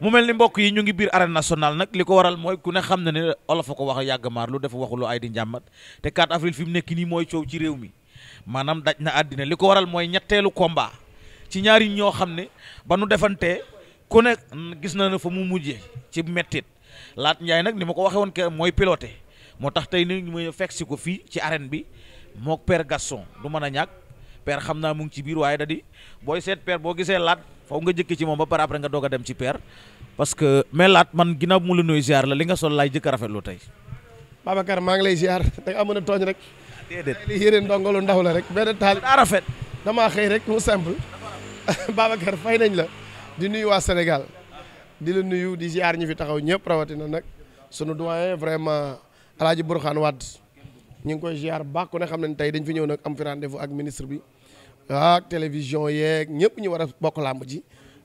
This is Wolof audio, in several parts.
mu mel ni mbokk yi ñu ngi biir arène nationale nag li ko waral mooy ku ne xam na ne olof a ko wax yàgg maar lu dafa waxuloo ay di njàmbat te 4 avril fi mu nekk nii mooy coow ci réew mi maanaam daj na àddina li ko waral mooy ñetteelu combat ci ñaari ñoo xam ne ba nu defantee ku ne gis na ne fa mu mujjee ci mettit Laat Njaay nag ni ma ko waxee woon ke mooy piloté moo tax tey ni ñu ma fekk si ko fii ci arène bi mook père Gaston du mën a ñàkk père xam naa mu ngi ci biir waaye da di booy seet boo gisee laat faw nga jëkk ci moom ba pare après nga doog dem ci père parce que melaat man ginnaaw mu la nuyu ziar la li nga sol laay jëkk a rafetlu tey Babacar maa ngi lay ziar da nga amoon a tooñ rek déedéet li yére ndongolu la rek benn taal daa rafet damaa xëy rek mu simple Babacar fay nañ la di nuyu waa Sénégal di la nuyu di ziar ñi fi taxaw ñëpp rawatina nag sunu doyen vraiment alaaji Burxaan Wade ñu ngi koy ziar baax ku ne xam ne tey dañ fi ñëw nag am fi rendez-vous ak ministre bi ak télévision yeeg ñëpp ñu war a bokk làmb ji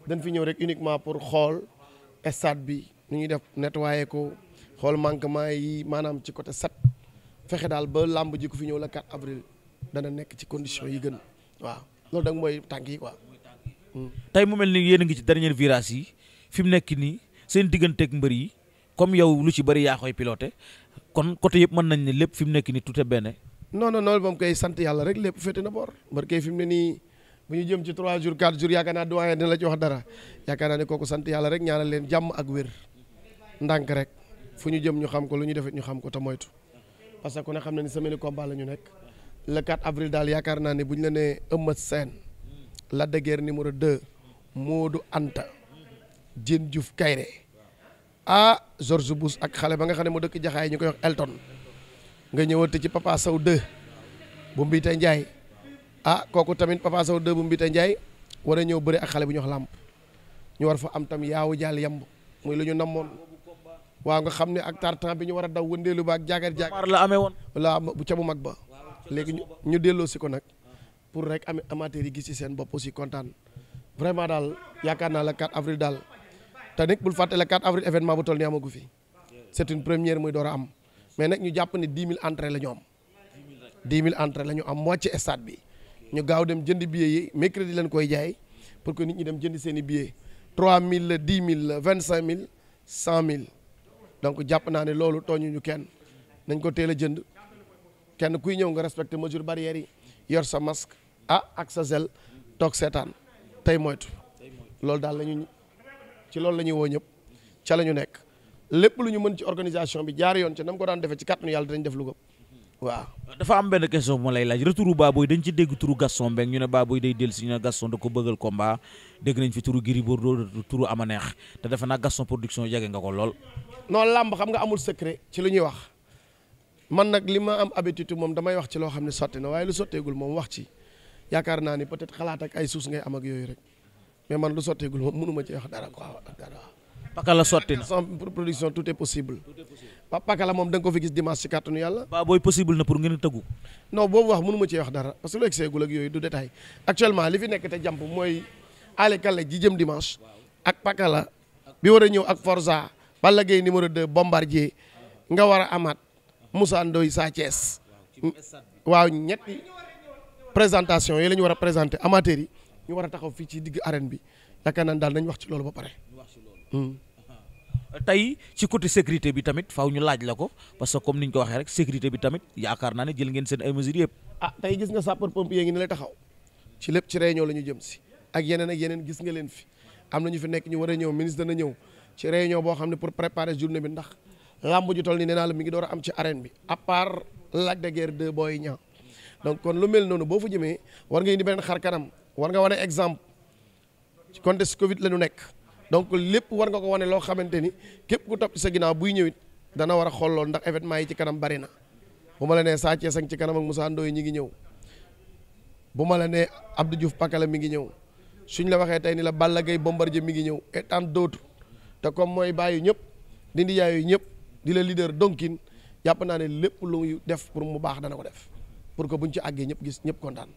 dañ fi ñëw rek uniquement pour xool stade bi nu ñuy def nettoyer ko xool manquement yi maanaam ci côté set fexe daal ba làmb ji ku fi ñëw la 4 avril dana nekk ci condition yi gën waaw loolu dag mooy tànk yi quoi. Hmm. tey mu mel ni yéen a ngi ci dernier virage yi fi mu nekk nii seen digganteek mbër yi comme yow lu ci bëri yaa koy piloté kon côté yëpp mën nañ ne lépp fi mu nekk nii tout est benn. non non noonu moom koy sant yàlla rek lépp féete na boor barke fi mu ne nii bu ñu jëm ci 3 jours 4 jours yaakaar naa doyen dina la jox wax dara yaakaar naa ne kooku sant yàlla rek ñaanal leen jàmm ak wér ndànk rek fu ñu jëm ñu xam ko lu ñu defee ñu xam ko te moytu parce que ku ne xam na ni semaine combat la ñu nekk le 4 avril daal yaakaar naa ne bu ñu la nee la Sène Lac de Guiers numéro 2 Modou Anta Diène Diouf Kayre ah George Bush ak xale ba nga xam ne mu dëkk jaxaay ñu koy wax nga ñëwate ci Papa Sow 2 bu Mbite Ndiaye ah kooku tamit Papa Sow 2 bu Mbite njaay war a ñëw bëri ak xale bu ñu wax làmp ñu war fa am tam yaawu jaal yamb muy lu ñu namoon waaw nga xam ne ak tartan bi ñu war a daw wëndeelu ba ak jaagar jaagar la amee woon la bu ca bu mag ba léegi ñu delloo si ko nag pour rek am amateur yi gis ci seen bopp si kontaan vraiment daal yaakaar naa la 4 avril daal te nag bul fàtte la 4 avril événement fi c'est une première door a mais nag ñu jàpp ne dix mille entrées lañu am 10 mille entrées la ñu am moitié stade bi ñu gaaw dem jënd billet yi mercredi lañ koy jaay pour que nit ñi dem jënd seen i billets 3000 la 10 000 la 25000 100000 donc jàpp naa ne loolu tooñu ñu kenn nañ ko teel a jënd kenn kuy ñëw nga respecté mesure barrière yi yor sa masque ah ak sa zel toog seetaan tey moytu loolu daal lañu ci loolu la ñuy woo ñëpp ca la ñu nekk. lépp lu ñu mën ci organisation bi jaar yoon ci nam ko daan defee ci kàttanu yàlla dinañ def lu ko waaw. dafa am benn question bu ma lay laaj retouru Baboy dañ ci dégg turu Gaston Mbengue ñu ne Baboy day dellu si ñu ne Gaston da ko bëggal combat dégg nañ fi turu Gris Bordeaux turu Amaneex te defe naa Gaston production jege nga ko lool. non làmb xam nga amul secret ci lu ñuy wax man nag li ma am habitude moom damay wax ci loo xam ne sotti na waaye lu sotteegul moom wax ci yaakaar naa ni peut-être xalaat ay suus ngay am yooyu rek mais man lu sotteegul moom mënu ci wax dara quoi dara. pakala la na sans production tout est possible. pa pakala moom da nga ko fi gis dimanche ci kàttanu yàlla. ba booy possible na pour ngeen tëggu. non boobu wax mënu ma cee wax dara parce que lu egseegul ak yooyu du détail actuellement li fi nekk te jàmp mooy Alé Kale ji jëm dimanche. ak pakala bi war a ñëw ak Forza. Balla Gaye numéro 2 Bombardier nga war a amaat Moussa Ndoye Sa Thiès waaw ñetti présentation yi lañu war a présenté amateurs yi ñu war a taxaw fii ci digg arène bi yaakaar naa daal nañ wax ci loolu ba pare. Hmm. tey ci côté sécurité bi tamit faw ñu laaj la ko parce que comme ni ñu ko waxee rek sécurité bi tamit yaakaar naa ne jël ngeen seen ay mesures yëpp. ah tey gis nga sapeur pompier ngi ne la taxaw ci lépp ci réunion la ñu jëm si ak yeneen ak yeneen gis nga leen fi am na ñu fi nekk ñu war a ñëw ministre dana ñëw ci réunion boo xam ne pour préparer journée bi ndax làmb ju toll nii nee naa la mi ngi door a am ci arène bi à part Lac de Guerre 2 Boy Niang donc kon lu mel noonu boo fa jëmee war nga indi beneen xar kanam war nga wane exemple ci contexte Covid la ñu nekk. donc lépp war nga ko wane loo xamante ni képp ku topp sa ginnaaw buy ñëwit dana war a ndax événement yi ci kanam bari na bu ma la nee Sa Thiès ci kanam ak Moussa Ndoye ngi ñëw bu ma la nee Abdou Diouf Pakala mi ngi ñëw suñ la waxee tey ni la Balla Gaye Bombardier mi ngi ñëw et tant d'autres te comme mooy bàyyi ñëpp dindi ndi yaayu ñëpp di la leader donkin jàpp naa ne lépp lu def pour mu baax dana ko def pour que buñ ci àggee ñëpp gis ñëpp kontaan.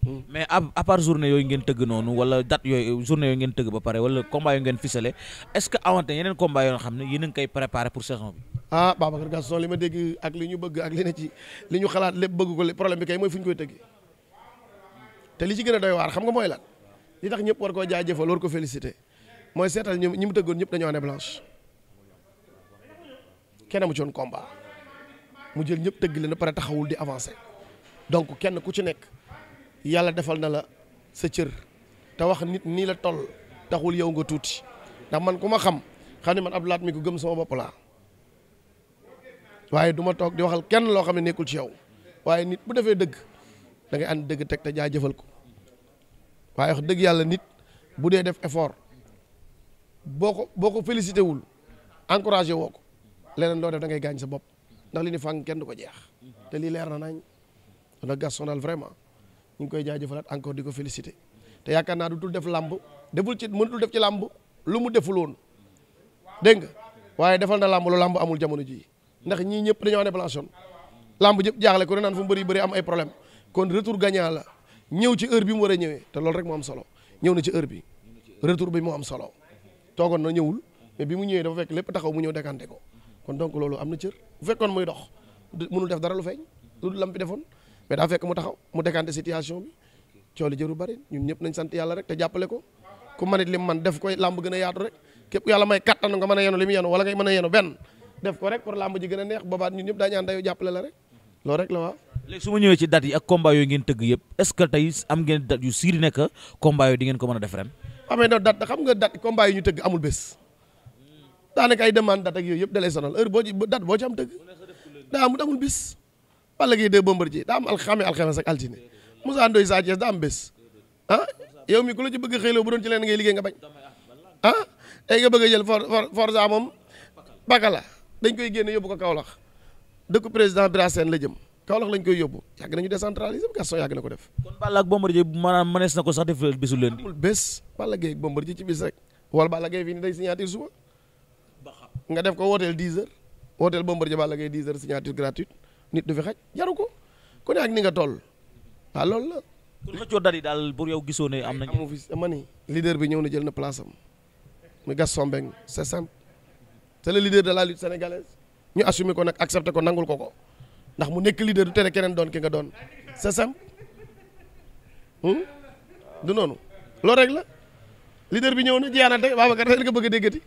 Hmm. mais à part journée yooyu ngeen tëgg noonu wala date yooyu journée yooyu ngeen tëgg ba pare wala combat yooyu ngeen ficelé est-ce que awante yeneen combat yoo xam ne yéen a ngi pour saison bi. ah Babacar Gaston li ma dégg ak li ñu bëgg ak li ne ci li ñu xalaat lépp bëgg ko problème bi kay mooy fu ñu koy tëggee te li ci gën a doy waar xam nga mooy lan li tax ñëpp war koo jaajëfal war ko félicité mooy seetal ñu ñi mu tëggoon ñëpp dañoo année blanche kenn mu ci mu jël ñëpp tëgg leen ba pare taxawul di avancé donc kenn ku ci nekk. yàlla defal na la sa cër te wax nit nii la tol taxul yow nga tuuti ndax man ku ma xam xam ne man ab laat mi ko gëm sama bopp laa waaye du ma toog di waxal kenn loo xam ne nekkul ci yow waaye nit bu defee dëgg da ngay ànd dëgg teg te jaajëfal ko waaye dëgg yàlla nit bu dee def effort boo ko boo ko félicité wul encouragé woo ko leneen loo def da ngay gaañ sa bopp ndax li ni fang kenn du ko jeex te lii leer na nañ on a gas sonal vraiment. ñu ngi koy jaajëfalaat encore di ko félicité te yaakaar naa du dul def làmb deful ci mënutul def ci làmb lu mu deful woon dégg nga waaye defal na làmb lu làmb amul jamono ji ndax ñii ñëpp dañoo ne blanchon làmb jëpp jaaxle ko ne naan fu mu bëri bëri am ay problème kon retour gagnant la ñëw ci heure bi mu war a ñëwee te loolu rek mu am solo ñëw na ci heure bi retour bi mu am solo toogoon na ñëwul mais bi mu ñëwee dafa fekk lépp taxaw mu ñëw décanté ko kon donc loolu am na cër bu fekkoon muy dox def dara lu feeñ lu lam defoon mais daa fekk mu taxaw mu décanté situation bi cooli jëru bari ñun ñëpp nañ sant yàlla rek te jàppale ko ku manit li man def koy a yaatu rek képp yàlla may kattan nga mën a yenu li mu yenu wala ngay mën a yenu benn def ko rek pour làmb ji gën a neex boobaat ñun ñëpp daañu ànd dayo jàppale la rek loolu rek la waaw su ma ñëwee ci date yi ak combat ngeen tëgg yëpp est tey am ngeen date yu siiri nekk combat di ngeen ko mën a def ren amee ah, no xam nga date combat Balla Gaye 2 Bombardier daa am alxame alxames ak altine Moussa Ndoye Sa Thiès daa am bés ah yow mi ku la ci bëgg xëyloo bu doon ci leen ngay liggéey nga bañ ah tey nga bëgg a jël Forza moom Bakala dañ koy génne yóbbu ko Kaolack dëkku président Birasène la jëm Kaolack lañ koy yóbbu yàgg nañu décentraliser Gaston yàgg na ko def. kon Balla ak Bombardier maanaam mënees na ko sax def bésu leen. amul bés Balla Gaye ak Bombardier ci bis rek wala Balla Gaye fii nii day signature suba nga def ko wooteel 10 heures wooteel Bombardier Balla Gaye 10 heures signature gratuite nit du fi xaj jaru ko ku ne ak ni nga toll waaw loolu la. kon xëccoo dari yow gisoo ne am nañu. amu fi bi ñëw na jël na place mu Gaston Mbengue c'est sant c'est le leader de la lutte sénégalaise ñu assume ko nag accepter ko nangul ko ko ndax mu nekk leader du tere keneen doon ki nga doon c'est simple hmm? du noonu loolu rek la lider bi ñëw na jiyaanante Babacar tey nga bëgg a déggati.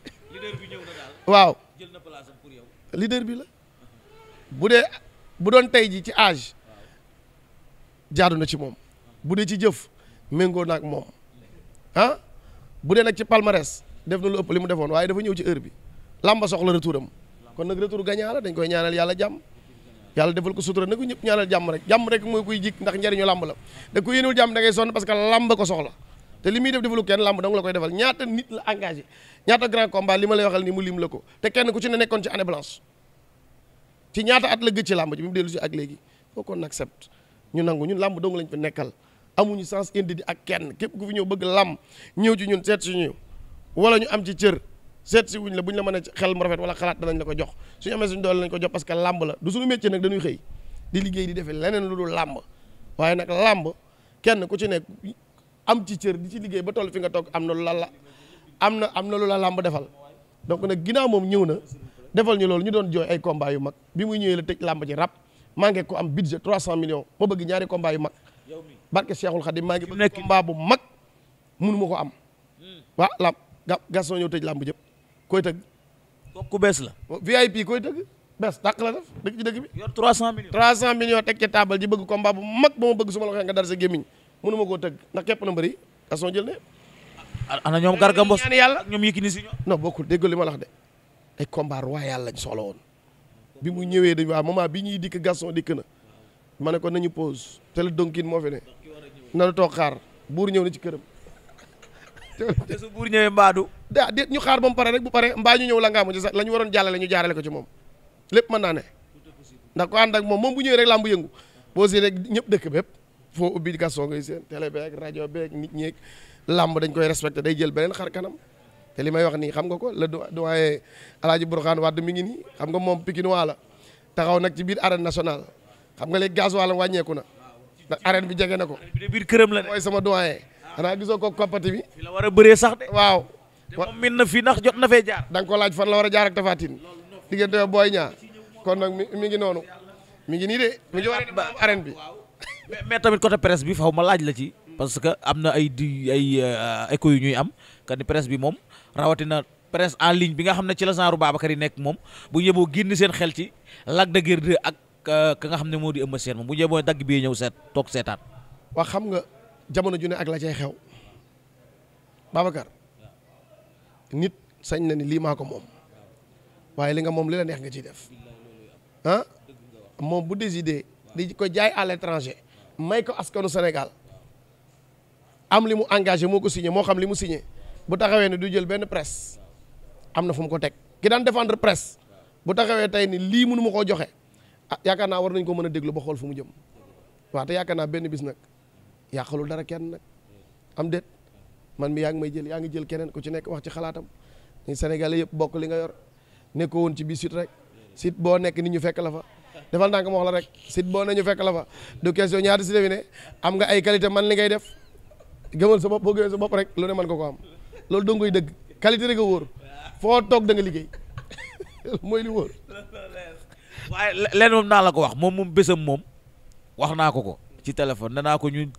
waaw jël na pour yow. leader bi la bu dee. bu doon tey ji ci âge jaadu na ci moom bu dee ci jëf méngoo na ak moom ah bu dee nag ci palmarès def na lu ëpp li mu defoon waaye dafa ñëw ci heure lamba soxla retouram kon nag retour gagnant la dañ koy ñaanal yàlla jàmm yàlla defal ko sutura na ko ñëpp ñaanal jàmm rek jàmm rek mooy kuy jik ndax njariñu làmb la da ko yéenul jàmm da parce que làmb ko soxla te li muy def defalu kenn làmb danga la koy defal ñaata nit la engagé ñaata grand combat li ma ni mu ko te kenn nekkoon ci année blanche ci ñaata at la gëj ci làmb ji bi mu dellu si ak léegi foo kon accepte ñu nangu ñun làmb dong lañ fi nekkal amuñu sens indi di ak kenn képp ku fi ñëw bëgg làmb ñëw ci ñun seet si ñu wala ñu am ci cër seet si wuñ la buñ la mën a xel mu rafet wala xalaat danañ la ko jox suñu amee suñu doole lañ ko jox parce que làmb la du suñu métier nag dañuy xëy di liggéey di defee leneen lu dul làmb waaye nag làmb kenn ku ci nekk am ci cër di ci liggéey ba toll fi nga toog am na lu la am na am na lu la làmb defal donc nag ginnaaw moom ñëw na defal ñu loolu ñu doon jooy ay combat yu mag bi muy ñëwee la tëj làmb ji rab manqué ko am budget 300 millions ma bëgg ñaari combat yu mag barke Cheikhul Khadim maa ngi bëgg combat bu ma ko am hmm. waa làmb ga Gaston ñëw tëj làmb jëpp koy tëgg ku bees la VIP koy tëgg bees dàq la def dëgg ci dëgg bi yor 300 millions 300 millions teg taabal ji bëgg combat bu mag ba ma bëgg su ma la nga dar sa gémmiñ mënu ma koo tëgg ndax képp na mbëri Gaston jël ne ana ñoom Garga Mbossé ñaan yàlla ñoom Yékini si ñoom non bokkul déggul li ma lax de ay combat royal lañ soxla woon bi mu ñëwee dañ waa moment bi ñuy dikk Gaston dikk na ma ne ko nañu pause te la donkin moo fi ne na la toog xaar buur ñëw na ci këram. te su buur ñëwee mbaadu daa déet ñu xaar ba mu pare rek bu pare mbaa ñu ñëw la ngaa mujj sax la ñu waroon jàllale ñu jaarale ko ci moom lépp mën naa ne ndax ko ànd ak moom moom bu ñëwee rek làmb yëngu boo see rek ñëpp dëkk bépp foo ubbi Gaston ngay seen télé beeg rajo beeg nit ñeeg làmb dañ koy respecté day jël beneen xar kanam te li may wax nii xam nga ko la doyen El Hadj Bourkhane Wade mi ngi nii xam nga moom Pikinois la taxaw nag ci biir arène national xam nga léegi gaz wàllam wàññeeku na ndax arène bi jege na ko. biir këram la de mooy sama doyen. xanaa gisoo ko coppati bi. la war a bëree sax de. waaw. te min na fii nax jot na fee jaar. da nga ko laaj fan la war a jaar ak Tafatine diggante booy ñaa kon nag mi ngi noonu mi ngi nii de. mi ngi war a dem bi. mais tamit côté presse bi faw ma laaj la ci. parce que am na ay di ay euh, écho yu ñuy am que ni presse bi moom. rawatina presse en ligne bi nga xam ne ci la genre Babacar yi nekk moom bu ñëboo génn seen xel ci Lac de ak euh, ka nga xam ne moo di Eumeu Sène moom bu ñëboo dagg bi ñëw seet toog seetaan. waa xam nga jamono ju ne ak la cay xew Babacar nit sañ na ni lii maa ko moom waaye li nga moom li la neex nga ciy def ah moom bu décidé di ko jaay à l'étranger may ko askanu Sénégal am li mu engagé moo ko signé moo xam li mu signé. bu taxawee ne du jël benn presse am na fu mu ko teg ki daan défendre presse bu taxawee tey ni lii mënu koo joxe ah yaakaar naa war nañ ko mën a déglu ba xool fu mu jëm waaw te naa benn bis nag yàqalul dara kenn nag am déet man mi yaa ngi may jël yaa ngi jël keneen ku ci nekk wax ci xalaatam ni Sénégalais yëpp bokk li nga yor nekkoo woon ci biir site rek site boo nekk nit ñu fekk la fa defal naa ko ma wax la rek site boo ñu fekk la fa du question ñaata si defi ne nga ay qualité man li ngay def gëmal sa bopp boo gëmee bopp rek lu ne man ko am loolu doo ngay dëgg qualité rek a wóor foo toog danga liggéey mooy li wóor. waaye leen moom naa la ko wax moom moom bésam moom wax naa ko ko ci téléphone danaa ko ñu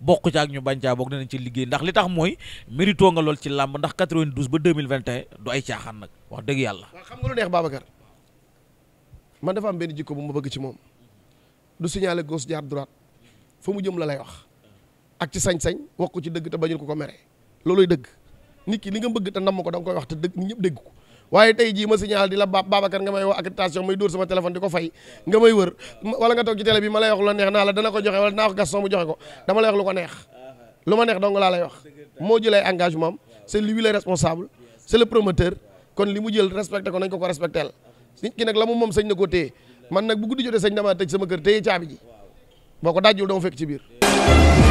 bokk ci ñu bañ caa bokk danañ ci liggéey ndax li tax mooy mérito nga lool ci làmb ndax 92 ba 2021 du ay caaxaan nag wax dëgg yàlla. waaw xam nga lu neex Babacar man dafa am benn jikko bu ma bëgg ci moom du signaler gauche jaar droite fa mu jëm la lay wax ak ci sañ-sañ wax ko ci dëgg te bañul ko ko mere looloy dëgg. nit ki li nga bëgg te nam ko da nga koy wax te dëgg ñëpp dégg ko waaye tey jii ma signal di la ba Babacar nga may wax accréditation may dóor sama téléphone di ko fay nga may wër wala nga toog ci télé bi ma la dana lu ma neex dong laa lay wax moo jëlee engagement am c'est lui le responsable c'est le promoteur kon li mu jël respecté ko nañ ko ko respecteel nit ki nag la mu moom sañ na ko téye man nag bu guddi jotee sañ damaa tëj sama kër téye caabi ji boo ko dajjul dama